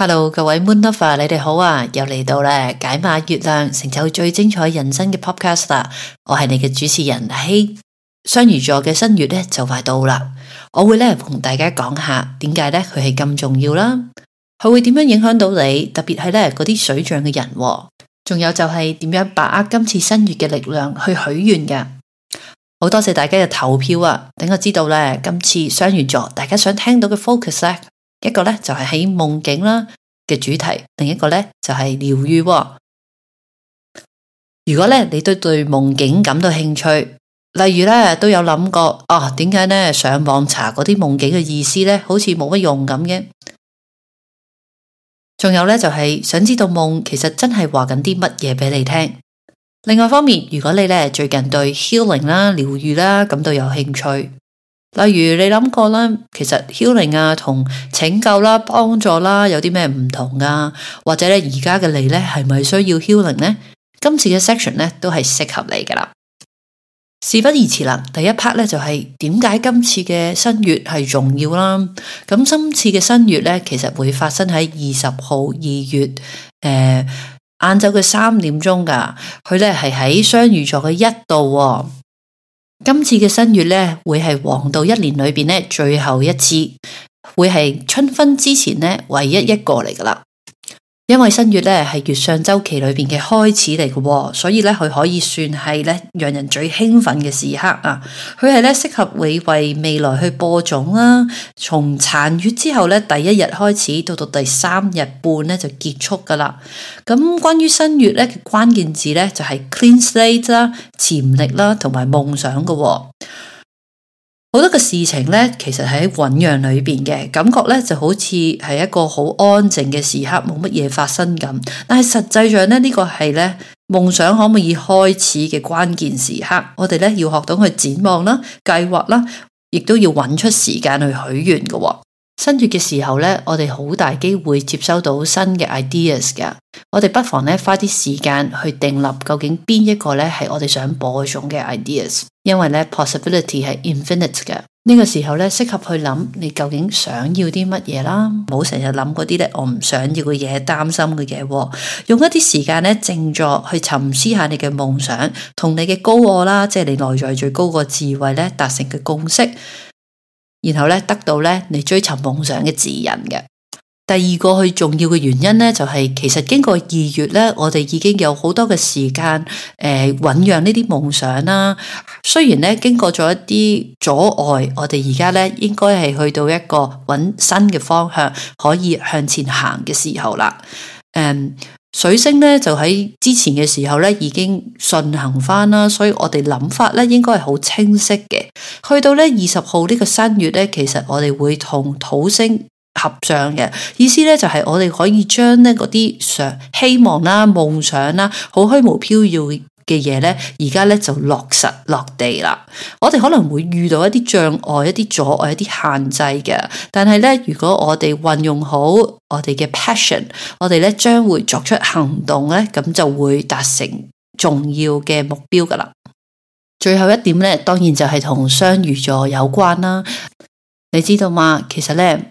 hello，各位 Moon Lover，你哋好啊！又嚟到啦，解碼月亮，成就最精彩人生嘅 Podcast，我係你嘅主持人希。雙魚座嘅新月咧就快到啦，我會咧同大家講下點解咧佢係咁重要啦，佢會點樣影響到你，特別係咧嗰啲水象嘅人喎，仲有就係點樣把握今次新月嘅力量去許願嘅。好多謝大家嘅投票啊，等我知道咧今次雙魚座大家想聽到嘅 focus。一個咧就係喺夢境啦嘅主題，另一個咧就係療癒。如果咧你都對夢境感到興趣，例如咧都有諗過啊，點解咧上網查嗰啲夢境嘅意思咧，好似冇乜用咁嘅。仲有咧就係想知道夢其實真係話緊啲乜嘢俾你聽。另外方面，如果你咧最近對 healing 啦療癒啦感到有興趣。例如，你諗過咧，其實 healing 啊，同拯救啦、啊、幫助啦、啊，有啲咩唔同噶、啊？或者咧，而家嘅你咧，係咪需要 healing 呢？今次嘅 section 呢，都係適合你噶啦。事不宜遲啦，第一 part 咧就係點解今次嘅新月係重要啦？咁今次嘅新月咧，其實會發生喺二十號二月，誒、呃，晏晝嘅三點鐘噶，佢咧係喺雙魚座嘅一度、喎。今次嘅新月呢，會係黃道一年裏面呢最後一次，會係春分之前呢唯一一個嚟㗎喇。因為新月咧係月上周期裏邊嘅開始嚟嘅，所以咧佢可以算係咧讓人最興奮嘅時刻啊！佢係咧適合你為未來去播種啦。從殘月之後咧第一日開始到到第三日半咧就結束噶啦。咁關於新月咧嘅關鍵字咧就係 clean slate 啦、潛力啦同埋夢想嘅。好多嘅事情咧，其實喺醞釀裏面嘅感覺咧，就好似係一個好安靜嘅時刻，冇乜嘢發生咁。但係實際上咧，這個、是呢個係呢夢想可唔可以開始嘅關鍵時刻。我哋呢要學到去展望啦，計劃啦，亦都要揾出時間去許願嘅、哦。新月嘅時候呢，我哋好大機會接收到新嘅 ideas 噶。我哋不妨呢，花啲時間去定立，究竟邊一個呢係我哋想播種嘅 ideas。因為咧，possibility 係 infinite 嘅。呢、這個時候咧，適合去諗你究竟想要啲乜嘢啦。唔好成日諗嗰啲咧，我唔想要嘅嘢，擔心嘅嘢。用一啲時間咧，靜坐去沉思下你嘅夢想，同你嘅高我啦，即係你內在最高個智慧咧，達成嘅共識，然後呢，得到咧你追尋夢想嘅指引嘅。第二個佢重要嘅原因咧，就係其實經過二月咧，我哋已經有好多嘅時間誒，醞釀呢啲夢想啦。雖然咧經過咗一啲阻礙，我哋而家咧應該係去到一個揾新嘅方向，可以向前行嘅時候啦。誒、嗯，水星咧就喺之前嘅時候咧已經順行返啦，所以我哋諗法咧應該係好清晰嘅。去到咧二十號個呢個新月咧，其實我哋會同土星。合上嘅意思咧，就係、是、我哋可以將呢嗰啲想希望啦、夢想啦、好虛無縹緲嘅嘢咧，而家咧就落實落地啦。我哋可能會遇到一啲障礙、一啲阻礙、一啲限制嘅，但係咧，如果我哋運用好我哋嘅 passion，我哋咧將會作出行動咧，咁就會達成重要嘅目標噶啦。最後一點咧，當然就係同雙魚座有關啦。你知道嘛？其實咧。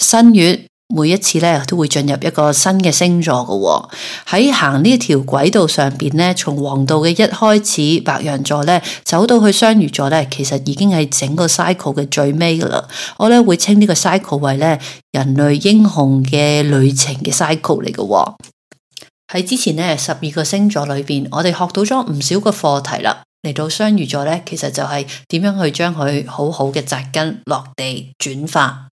新月每一次呢都會進入一個新嘅星座嘅喎。哦，喺行呢條軌道上邊呢，從黃道嘅一開始白羊座呢走到去雙魚座呢，其實已經係整個 cycle 嘅最尾嘅啦。我呢會稱呢個 cycle 為呢人類英雄嘅旅程嘅 cycle 嚟嘅喎。喺之前呢，十二個星座裏面，我哋學到咗唔少嘅課題啦。嚟到雙魚座呢，其實就係點樣去將佢好好嘅扎根落地轉化。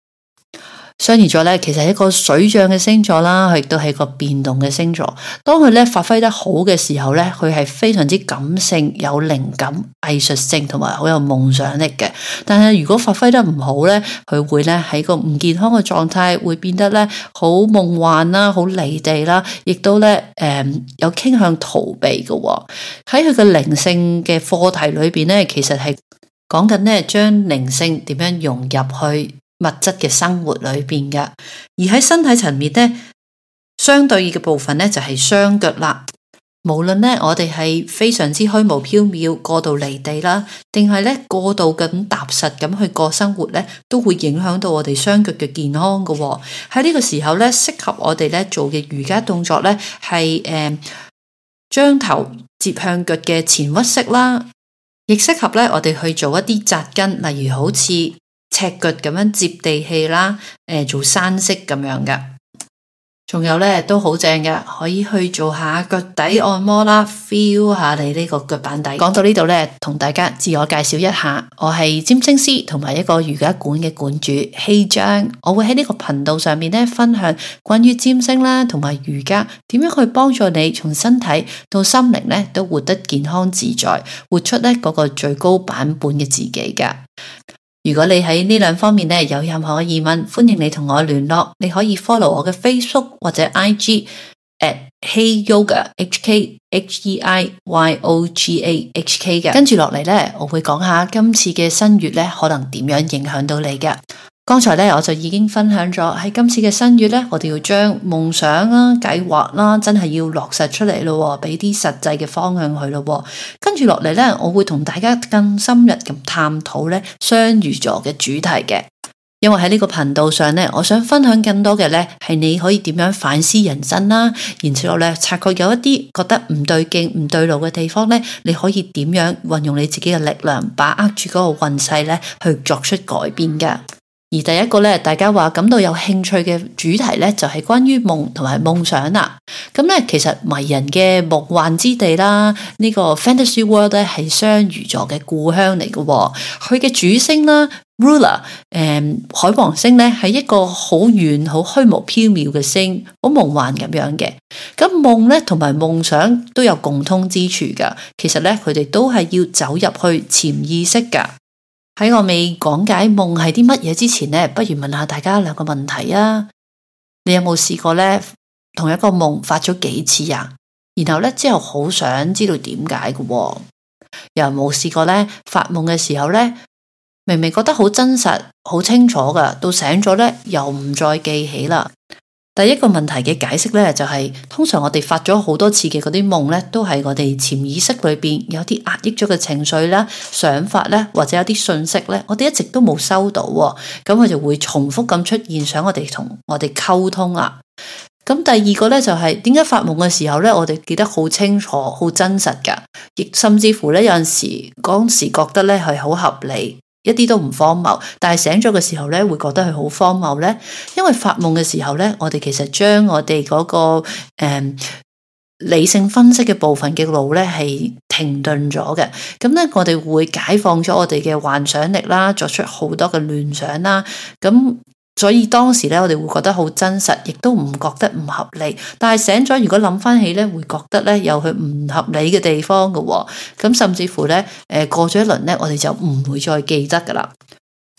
雙魚座咧，其實係一個水象嘅星座啦，佢亦都係個變動嘅星座。當佢咧發揮得好嘅時候咧，佢係非常之感性、有靈感、藝術性同埋好有夢想力嘅。但係如果發揮得唔好咧，佢會咧喺個唔健康嘅狀態，會變得咧好夢幻啦、好離地啦，亦都咧有傾向逃避嘅。喺佢嘅靈性嘅課題裏面咧，其實係講緊咧將靈性點樣融入去。物質嘅生活裏邊嘅，而喺身體層面呢，相對嘅部分呢，就係雙腳啦。無論呢，我哋係非常之虛無縹緲、過度離地啦，定係呢，過度咁踏實咁去過生活呢，都會影響到我哋雙腳嘅健康嘅。喺呢個時候呢，適合我哋呢做嘅瑜伽動作呢，係、呃、誒，將頭接向腳嘅前屈式啦，亦適合呢，我哋去做一啲紮根，例如好似。赤腳咁樣接地氣啦，誒、呃、做山式咁樣嘅，仲有呢，都好正嘅，可以去做下腳底按摩啦，feel 下你呢個腳板底。講到呢度呢，同大家自我介紹一下，我係占星師同埋一個瑜伽館嘅館主希張，Hei Cheung! 我會喺呢個頻道上面呢，分享關於占星啦，同埋瑜伽點樣去幫助你從身體到心靈呢，都活得健康自在，活出呢嗰個最高版本嘅自己噶。如果你喺呢兩方面咧有任何嘅疑問，歡迎你同我聯絡。你可以 follow 我嘅 Facebook 或者 IG at Hei Yoga HK h e i y o g a h k 嘅。跟住落嚟咧，我會講下今次嘅新月咧，可能點樣影響到你嘅。剛才咧，我就已經分享咗喺今次嘅新月咧，我哋要將夢想啦、啊、計劃啦、啊，真係要落實出嚟咯，俾啲實際嘅方向去咯。跟住落嚟咧，我會同大家更深入咁探討咧雙魚座嘅主題嘅。因為喺呢個頻道上咧，我想分享更多嘅咧，係你可以點樣反思人生啦，然之後咧察覺有一啲覺得唔對勁、唔對路嘅地方咧，你可以點樣運用你自己嘅力量，把握住嗰個運勢咧，去作出改變嘅。而第一個咧，大家話感到有興趣嘅主題呢，就係關於夢同埋夢想啦。咁咧，其實迷人嘅夢幻之地啦，呢、這個 Fantasy World 咧係雙魚座嘅故鄉嚟嘅喎。佢嘅主星啦，Ruler，誒、嗯，海王星呢，係一個好遠、好虛無縹緲嘅星，好夢幻咁樣嘅。咁夢呢，同埋夢想都有共通之處噶。其實呢，佢哋都係要走入去潛意識噶。喺我未講解夢係啲乜嘢之前呢，不如問下大家兩個問題啊！你有冇試過呢？同一個夢發咗幾次啊？然後呢，之後好想知道點解㗎喎？又有冇試過呢？發夢嘅時候呢，明明覺得好真實、好清楚嘅，到醒咗呢，又唔再記起啦。第一個問題嘅解釋咧，就係、是、通常我哋發咗好多次嘅嗰啲夢咧，都係我哋潛意識裏邊有啲壓抑咗嘅情緒啦、想法咧，或者有啲信息咧，我哋一直都冇收到，咁佢就會重複咁出現，想我哋同我哋溝通啦。咁、嗯、第二個咧就係點解發夢嘅時候咧，我哋記得好清楚、好真實噶，亦甚至乎咧有陣時當時覺得咧係好合理。一啲都唔荒謬，但係醒咗嘅時候呢，會覺得佢好荒謬呢，因為發夢嘅時候呢，我哋其實將我哋嗰、那個誒、嗯、理性分析嘅部分嘅腦呢，係停頓咗嘅。咁、嗯、呢，我哋會解放咗我哋嘅幻想力啦，作出好多嘅亂想啦。咁、嗯。所以當時呢，我哋會覺得好真實，亦都唔覺得唔合理。但係醒咗，如果諗返起呢，會覺得呢有佢唔合理嘅地方嘅喎、哦。咁甚至乎呢，過咗一輪呢，我哋就唔會再記得㗎喇。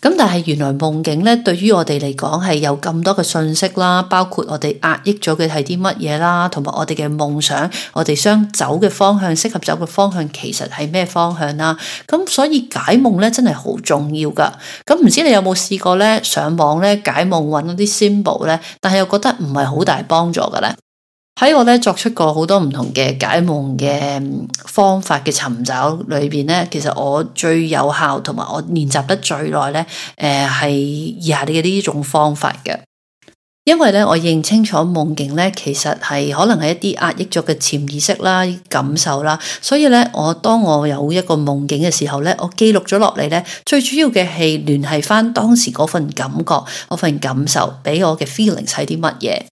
咁但係原來夢境咧，對於我哋嚟講係有咁多嘅信息啦，包括我哋壓抑咗嘅係啲乜嘢啦，同埋我哋嘅夢想，我哋想走嘅方向，適合走嘅方向其實係咩方向啦？咁所以解夢呢真係好重要噶。咁唔知你有冇試過呢？上網呢解夢，揾啲 symbol 咧，但係又覺得唔係好大幫助嘅呢。喺我咧作出過好多唔同嘅解夢嘅方法嘅尋找裏邊咧，其實我最有效同埋我練習得最耐咧，誒係以下呢種方法嘅。因為咧我認清楚夢境咧，其實係可能係一啲壓抑咗嘅潛意識啦、感受啦，所以咧，我當我有一個夢境嘅時候咧，我記錄咗落嚟咧，最主要嘅係聯繫翻當時嗰份感覺、嗰份感受，俾我嘅 feelings 係啲乜嘢。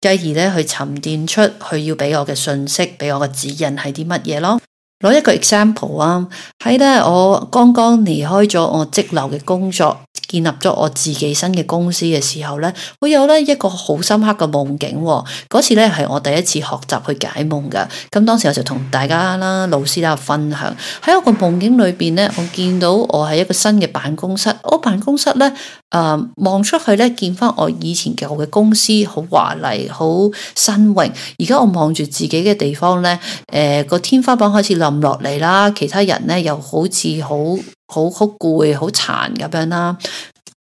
繼而咧，去沉澱出佢要俾我嘅信息，俾我嘅指引係啲乜嘢咯？攞一個 example 啊，喺咧我剛剛離開咗我積留嘅工作，建立咗我自己新嘅公司嘅時候呢，我有呢一個好深刻嘅夢境。嗰、哦、次呢係我第一次學習去解夢嘅，咁當時我就同大家啦、老師啦分享喺我個夢境裏邊呢，我見到我喺一個新嘅辦公室，我辦公室呢。誒，望、uh，出去咧，見翻我以前舊嘅公司好華麗、好新穎。而家我望住自己嘅地方咧，誒、呃，個天花板開始冧落嚟啦，其他人咧又好似好好好攰、好殘咁樣啦。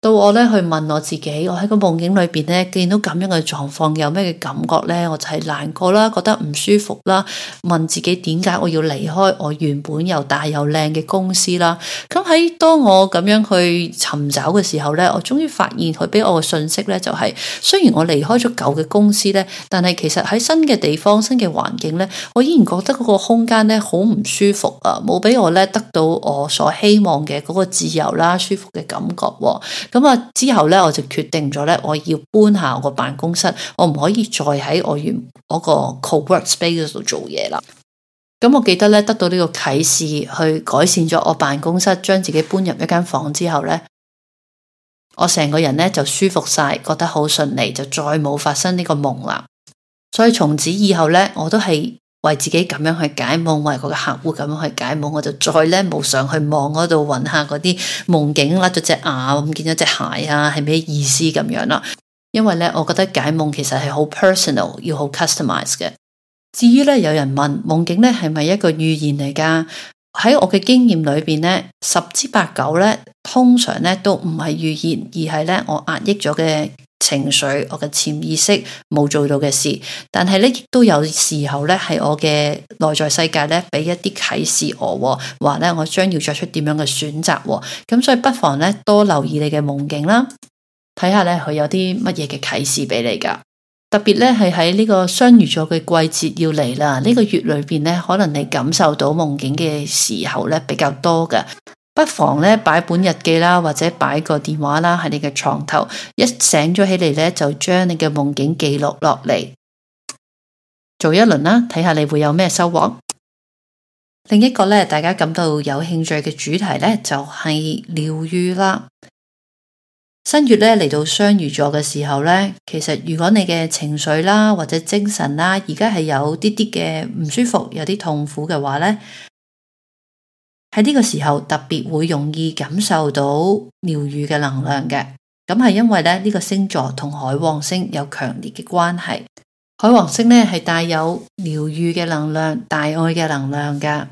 到我咧去問我自己，我喺個夢境裏邊咧見到咁樣嘅狀況，有咩嘅感覺呢？我就係難過啦，覺得唔舒服啦。問自己點解我要離開我原本又大又靚嘅公司啦？咁喺當我咁樣去尋找嘅時候呢，我終於發現佢俾我嘅信息呢，就係雖然我離開咗舊嘅公司呢，但係其實喺新嘅地方、新嘅環境呢，我依然覺得嗰個空間咧好唔舒服啊，冇俾我咧得到我所希望嘅嗰個自由啦、舒服嘅感覺啊。咁啊！之後咧，我就決定咗咧，我要搬下我個辦公室，我唔可以再喺我原嗰個 co-work space 嗰度做嘢啦。咁我記得咧，得到呢個啟示，去改善咗我辦公室，將自己搬入一間房之後咧，我成個人咧就舒服晒，覺得好順利，就再冇發生呢個夢啦。所以從此以後咧，我都係，為自己咁樣去解夢，為佢嘅客戶咁樣去解夢，我就再咧冇上去望嗰度，揾下嗰啲夢境甩咗隻牙，咁見咗隻鞋啊，係咩意思咁樣啦？因為咧，我覺得解夢其實係好 personal，要好 customize 嘅。至於咧，有人問夢境咧係咪一個預言嚟㗎？喺我嘅經驗裏面呢，十之八九咧，通常咧都唔係預言，而係咧我壓抑咗嘅。情緒，我嘅潛意識冇做到嘅事，但係咧亦都有時候咧係我嘅內在世界咧俾一啲啟示我，哦，話咧我將要作出點樣嘅選擇，哦，咁所以不妨咧多留意你嘅夢境啦，睇下咧佢有啲乜嘢嘅啟示俾你噶，特別咧係喺呢個雙魚座嘅季節要嚟啦，呢、這個月裏邊咧可能你感受到夢境嘅時候咧比較多嘅。不妨咧擺本日記啦，或者擺個電話啦喺你嘅床頭，一醒咗起嚟，咧就將你嘅夢境記錄落嚟，做一輪啦，睇下你會有咩收穫。另一個咧，大家感到有興趣嘅主題咧，就係療癒啦。新月咧嚟到雙魚座嘅時候咧，其實如果你嘅情緒啦或者精神啦而家係有啲啲嘅唔舒服，有啲痛苦嘅話咧。喺呢個時候特別會容易感受到療癒嘅能量嘅，咁係因為咧呢個星座同海王星有強烈嘅關係，海王星咧係帶有療癒嘅能量、大愛嘅能量嘅，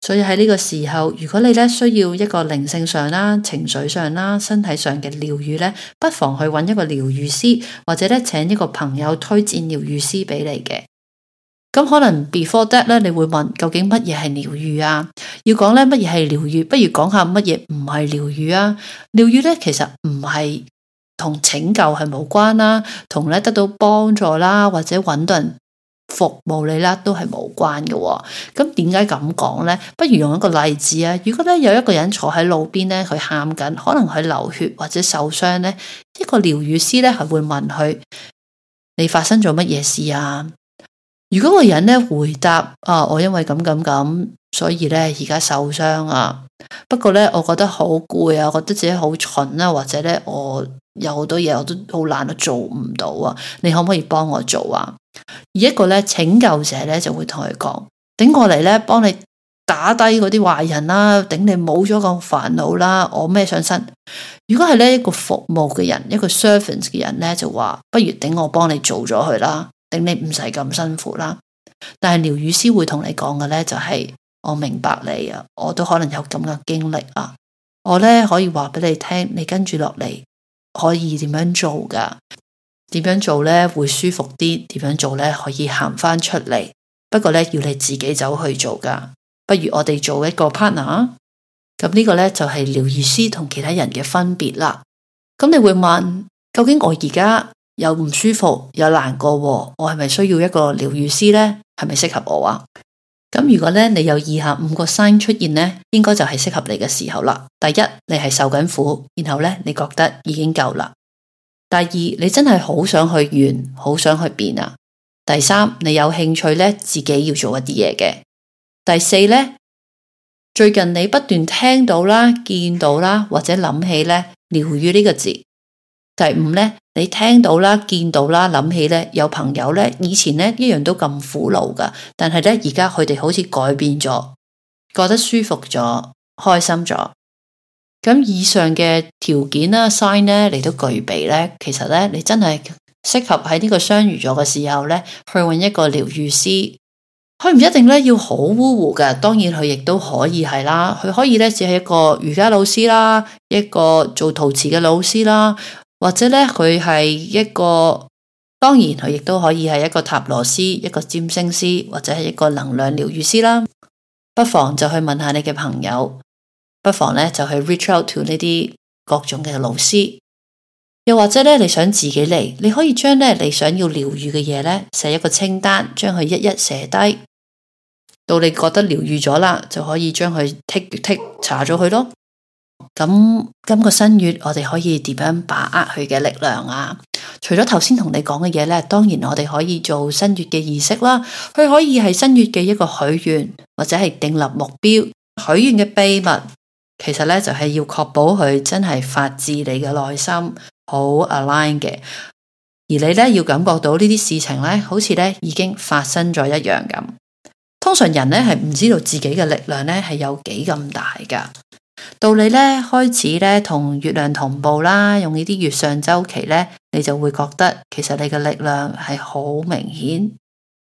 所以喺呢個時候，如果你咧需要一個靈性上啦、情緒上啦、身體上嘅療癒呢，不妨去揾一個療癒師，或者咧請一個朋友推薦療癒師俾你嘅。咁可能 before that 咧，你會問究竟乜嘢係療癒啊？要講咧乜嘢係療癒，不如講下乜嘢唔係療癒啊？療癒咧其實唔係同拯救係無關啦，同咧得到幫助啦，或者揾到人服務你啦，都係無關嘅。咁點解咁講咧？不如用一個例子啊。如果咧有一個人坐喺路邊咧，佢喊緊，可能佢流血或者受傷咧，一個療癒師咧係會問佢：你發生咗乜嘢事啊？如果個人咧回答啊，我因為咁咁咁，所以咧而家受傷啊。不過咧，我覺得好攰啊，覺得自己好蠢啊，或者咧，我有好多嘢我都好懶都做唔到啊。你可唔可以幫我做啊？而一個咧拯救者咧就會同佢講，頂過嚟咧幫你打低嗰啲壞人啦，頂你冇咗個煩惱啦，我咩上身。如果係咧一個服務嘅人，一個 servant 嘅人咧就話，不如頂我幫你做咗佢啦。令你唔使咁辛苦啦，但係療癒師會同你講嘅呢，就係我明白你啊，我都可能有咁嘅經歷啊，我呢可以話俾你聽，你跟住落嚟可以點樣做噶？點樣做呢？會舒服啲？點樣做呢？可以行返出嚟？不過呢，要你自己走去做噶，不如我哋做一個 partner。咁呢個呢就係療癒師同其他人嘅分別啦。咁你會問，究竟我而家？又唔舒服，又難過，我係咪需要一個療癒師呢？係咪適合我啊？咁如果咧，你有以下五個 sign 出現咧，應該就係適合你嘅時候啦。第一，你係受緊苦，然後咧，你覺得已經夠啦。第二，你真係好想，想去變，好想去變啊。第三，你有興趣咧，自己要做一啲嘢嘅。第四咧，最近你不斷聽到啦、見到啦或者諗起咧療癒呢個字。第五咧。你聽到啦，見到啦，諗起咧，有朋友咧，以前咧一樣都咁苦惱噶,但係咧而家佢哋好似改變咗，覺得舒服咗，開心咗。咁以上嘅條件啦、sign 咧，你都具備咧，其實咧，你真係適合喺呢個雙魚座嘅時候咧，去揾一個療癒師，佢唔一定咧要好污污嘅，當然佢亦都可以係啦，佢可以咧只係一個瑜伽老師啦，一個做陶瓷嘅老師啦。.或者呢，佢係一個，當然佢亦都可以係一個塔羅師、一個占星師，或者係一個能量療愈師啦。不妨就去問下你嘅朋友，不妨呢，就去 reach out to 呢啲各種嘅老師。又或者呢，你想自己嚟，你可以將呢你想要療愈嘅嘢呢，寫一個清單，將佢一一寫低，到你覺得療愈咗啦，就可以將佢剔剔查咗佢咯。咁今個新月，我哋可以點樣把握佢嘅力量啊？除咗頭先同你講嘅嘢咧，當然我哋可以做新月嘅儀式啦。佢可以係新月嘅一個許願，或者係訂立目標。許願嘅秘密，其實咧就係要確保佢真係發自你嘅內心，好 align 嘅。而你咧要感覺到呢啲事情咧，好似咧已經發生咗一樣咁。通常人咧係唔知道自己嘅力量咧係有幾咁大噶。到你咧開始咧同月亮同步啦，用呢啲月相周期咧，你就會覺得其實你嘅力量係好明顯。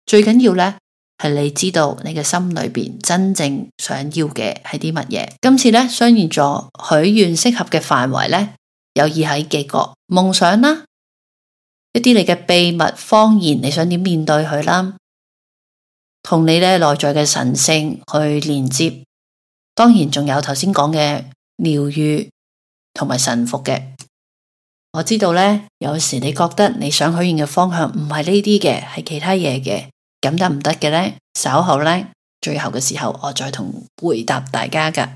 最緊要咧係你知道你嘅心裏邊真正想要嘅係啲乜嘢。今次咧雙魚座許願適合嘅範圍咧，有以下幾個夢想啦，一啲你嘅秘密謊言，你想點面對佢啦，同你咧內在嘅神性去連接。當然，仲有頭先講嘅療癒同埋神服嘅。我知道呢，有時你覺得你想許願嘅方向唔係呢啲嘅，係其他嘢嘅，咁得唔得嘅呢？稍後呢，最後嘅時候，我再同回答大家噶。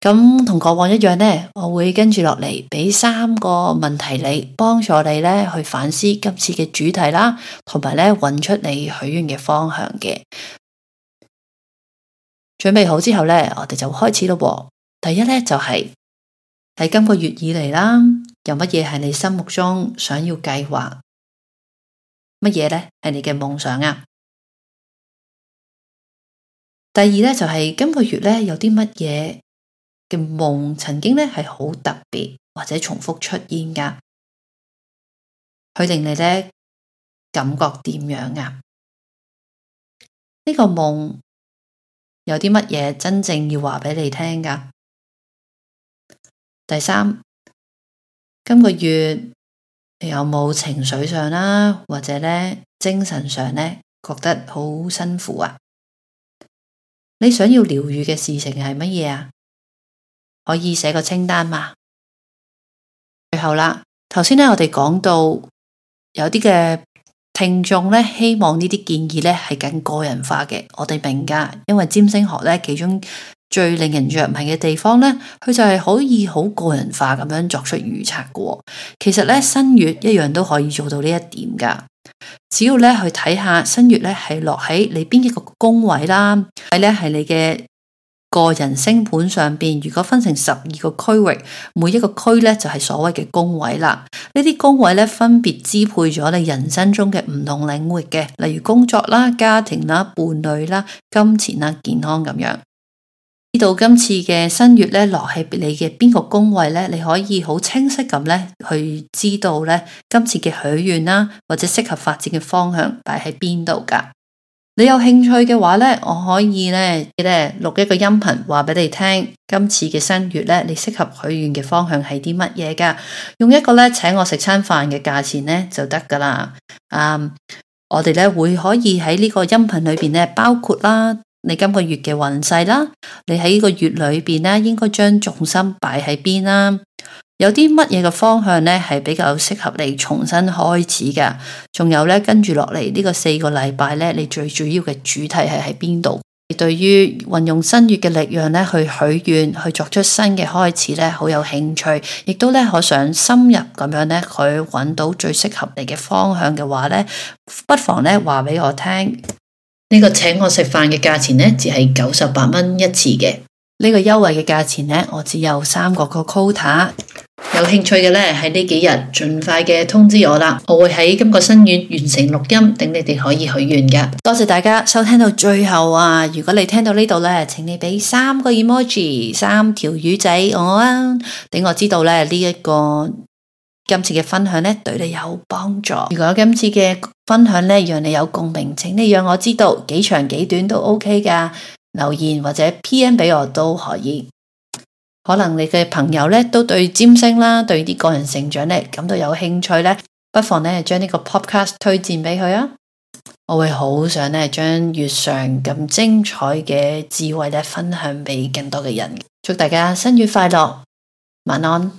咁同過往一樣呢，我會跟住落嚟俾三個問題你，幫助你呢去反思今次嘅主題啦，同埋呢揾出你許願嘅方向嘅。準備好之後呢，我哋就開始咯喔。第一呢，就係喺今個月以嚟啦，有乜嘢係你心目中想要計劃？乜嘢呢？係你嘅夢想啊？第二呢，就係今個月呢，有啲乜嘢嘅夢曾經呢係好特別或者重複出現噶，佢令你呢感覺點樣啊？呢個夢。有啲乜嘢真正要話畀你聽㗎？第三，今個月你有冇情緒上啦，或者呢精神上呢？覺得好辛苦啊？你想要療癒嘅事情係乜嘢啊？可以寫個清單嘛？最後啦，頭先呢，我哋講到有啲嘅。聽眾呢，希望呢啲建議呢係更個人化嘅，我哋明㗎，因為占星學呢，其中最令人着迷嘅地方呢，佢就係可以好個人化咁樣作出預測嘅。其實呢，新月一樣都可以做到呢一點㗎，只要呢去睇下新月呢係落喺你邊一個宮位啦，係呢係你嘅。個人星盤上邊，如果分成十二個區域，每一個區咧就係所謂嘅宮位啦。呢啲宮位咧分別支配咗你人生中嘅唔同領域嘅，例如工作啦、家庭啦、伴侶啦、金錢啦、健康咁樣。知道今次嘅新月咧落喺你嘅邊個宮位咧，你可以好清晰咁咧去知道咧今次嘅許願啦，或者適合發展嘅方向擺喺邊度噶你有興趣嘅話呢，我可以咧，咧錄一個音頻話俾你聽。今次嘅新月呢，你適合許願嘅方向係啲乜嘢㗎？用一個呢請我食餐飯嘅價錢呢就得㗎喇。嗯，um，我哋呢會可以喺呢個音頻裏邊咧，包括啦，你今個月嘅運勢啦，你喺呢個月裏邊呢應該將重心擺喺邊啦。有啲乜嘢嘅方向咧，係比較適合你重新開始嘅？仲有咧，跟住落嚟呢個四個禮拜咧，你最主要嘅主題係喺邊度？你對於運用新月嘅力量咧，去許願、去作出新嘅開始咧，好有興趣，亦都咧，可想深入咁樣咧，去搵到最適合你嘅方向嘅話咧，不妨咧話俾我聽。呢個請我食飯嘅價錢咧，只係九十八蚊一次嘅。個優，呢個優惠嘅價錢咧，我只有三個個 quota。有興趣嘅，呢，喺呢幾日盡快嘅通知我啦，我會喺今個新月完成錄音，等你哋可以許願嘅。多謝大家收聽到最後啊！如果你聽到呢度呢，請你俾三個 emoji，三條魚仔我啊，等、哦、我知道咧呢一個今次嘅分享呢，對你有幫助。如果今次嘅分享呢讓你有共鳴，請你讓我知道幾長幾短都 OK 噶，留言或者 PM 俾我都可以。可能你嘅朋友咧都對占星啦，對啲個人成長咧感到有興趣咧，不妨咧將呢這個 podcast 推薦俾佢啊！我會好想呢將月上咁精彩嘅智慧咧分享俾更多嘅人。祝大家新月快樂，晚安。